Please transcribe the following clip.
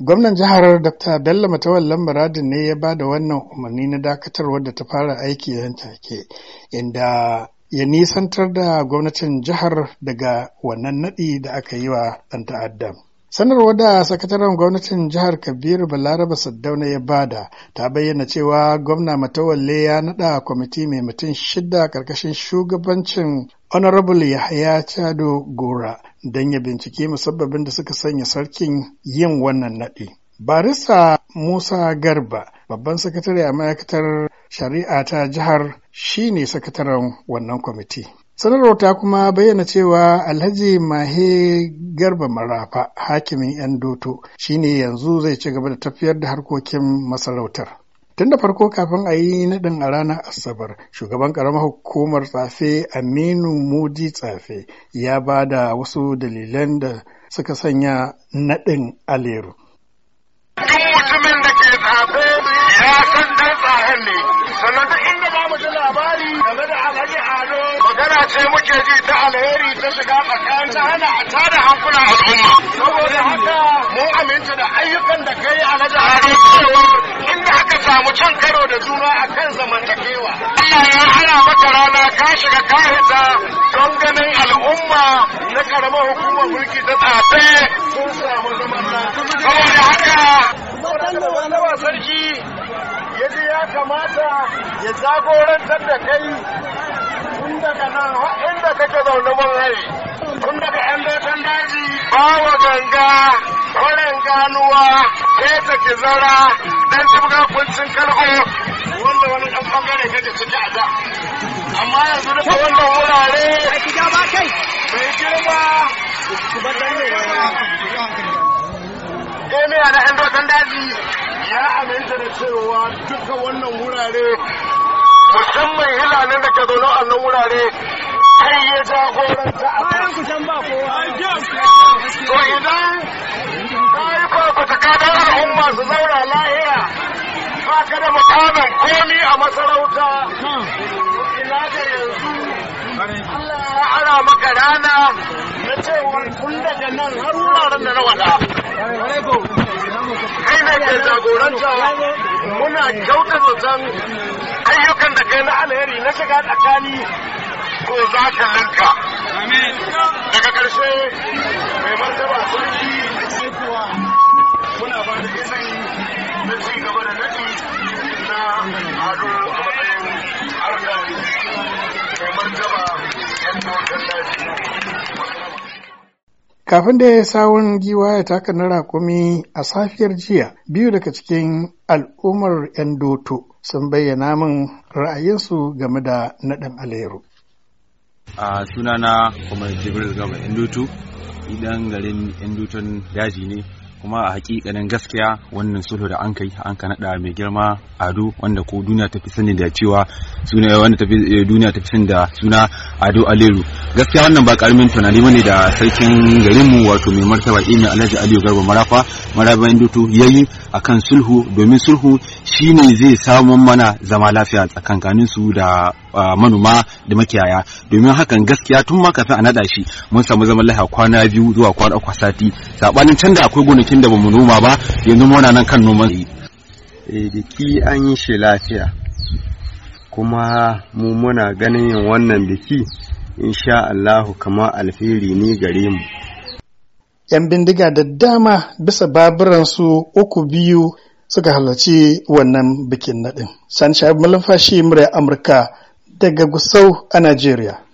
Gwamnan jihar Dr. Bello Matawallan Muradin ne ya ba da wannan umarni na dakatarwar da ta fara aiki yan take, inda ya nisantar da gwamnatin jihar daga wannan nadi da aka yi wa ɗan ta'addan. Sanarwar da sakataren gwamnatin jihar Kabiru Balaraba Saddauna ya bada ta bayyana cewa gwamna Matawalle ya nada kwamiti mai mutum shida karkashin shugabancin Honorable Yahaya Chado Gora don ya bincike musabbabin da suka sanya sarkin yin wannan naɗi. Barista Musa Garba, babban sakatare a ma'aikatar shari'a ta jihar, shine sakataren wannan kwamiti. sanarwar ta kuma bayyana cewa alhaji mahe garba marafa hakimin yan doto shine yanzu zai ci gaba da tafiyar da harkokin masarautar tun da farko kafin a yi naɗin a ranar asabar shugaban ƙaramar hukumar tsafe aminu mudi tsafe ya ba da wasu dalilan da suka sanya naɗin aleru mutumin da ke tsafe dan dan tsayen ne sannan duk inda ba mu ji labari game da alhaji ado magana ce muke ji ta alheri ta shiga tsakanin ta hana a tada hankulan al'umma saboda haka mu aminta da ayyukan da kai alhaji ado cewa inda aka samu can karo da juna a kan zamantakewa Allah ya hana maka rana ka shiga kahita don ganin al'umma na karamar hukumar mulki ta tsafe sun samu zaman lafiya saboda haka waɗanda wani wasarki ya kamata ya jagorantar da kai tun daga nan inda kake zaune mun rai tun daga yan dotan daji bawa ganga kwarin ganuwa keta kizara dan cibga kuncin karho wanda wani dan bangare kake ciki a da amma yanzu da wannan wurare mai girma jami'a na yan dotan ya aminta da cewa duka wannan wurare musamman hilanin da ke zaune a nan wurare kai ya jagoranta a bayan ba kowa to idan ka yi fafutuka don al'umma su zauna lahiya ba ka da mukamin komi a masarauta ina ga yanzu Allah ya ara maka rana na cewa tun daga nan har wuraren da na wada kai ne jagoranta muna kyauta zaton ayyukan da kai na alheri na shiga tsakani ko za ka linka daga karshe mai martaba sarki sai kuwa muna ba da izini na ci gaba da nadi na hadu a matsayin harkar mai martaba yan mawatan lafiya Kafin da ya sawun giwa ya taka na rakumi a safiyar jiya, biyu daga cikin al'ummar 'yan doto sun bayyana min ra'ayinsu game da naɗin aleru A na kuma Jibril Gaba 'yan doto, idan garin 'yan doton daji ne, kuma a hakikanin gaskiya wannan sulhu da an kai an kanada mai girma ado wanda ko duniya ta fi sani da cewa suna wanda ta fi eh, duniya ta fi sani da suna ado aliru gaskiya wannan ba karamin tunani bane da sarkin garinmu wato mai martaba imi alhaji aliyu garba marafa maraba indutu yayi akan sulhu domin sulhu shine zai samu mana zama lafiya tsakankanin su da manoma da makiyaya domin hakan gaskiya tun ma kafin a nada shi mun samu zaman lafiya kwana biyu zuwa kwana uku sati sabanin can da akwai gonakin da bamu noma ba yanzu muna nan kan noman eh, ki an yi shi lafiya kuma mu muna ganin yin wannan biki insha Allahu kama alfiri ne gare mu. 'Yan bindiga da dama bisa su uku biyu suka halarci wannan bikin naɗin. Sani Shahab Malumfashi murya Amurka daga Gusau a Najeriya.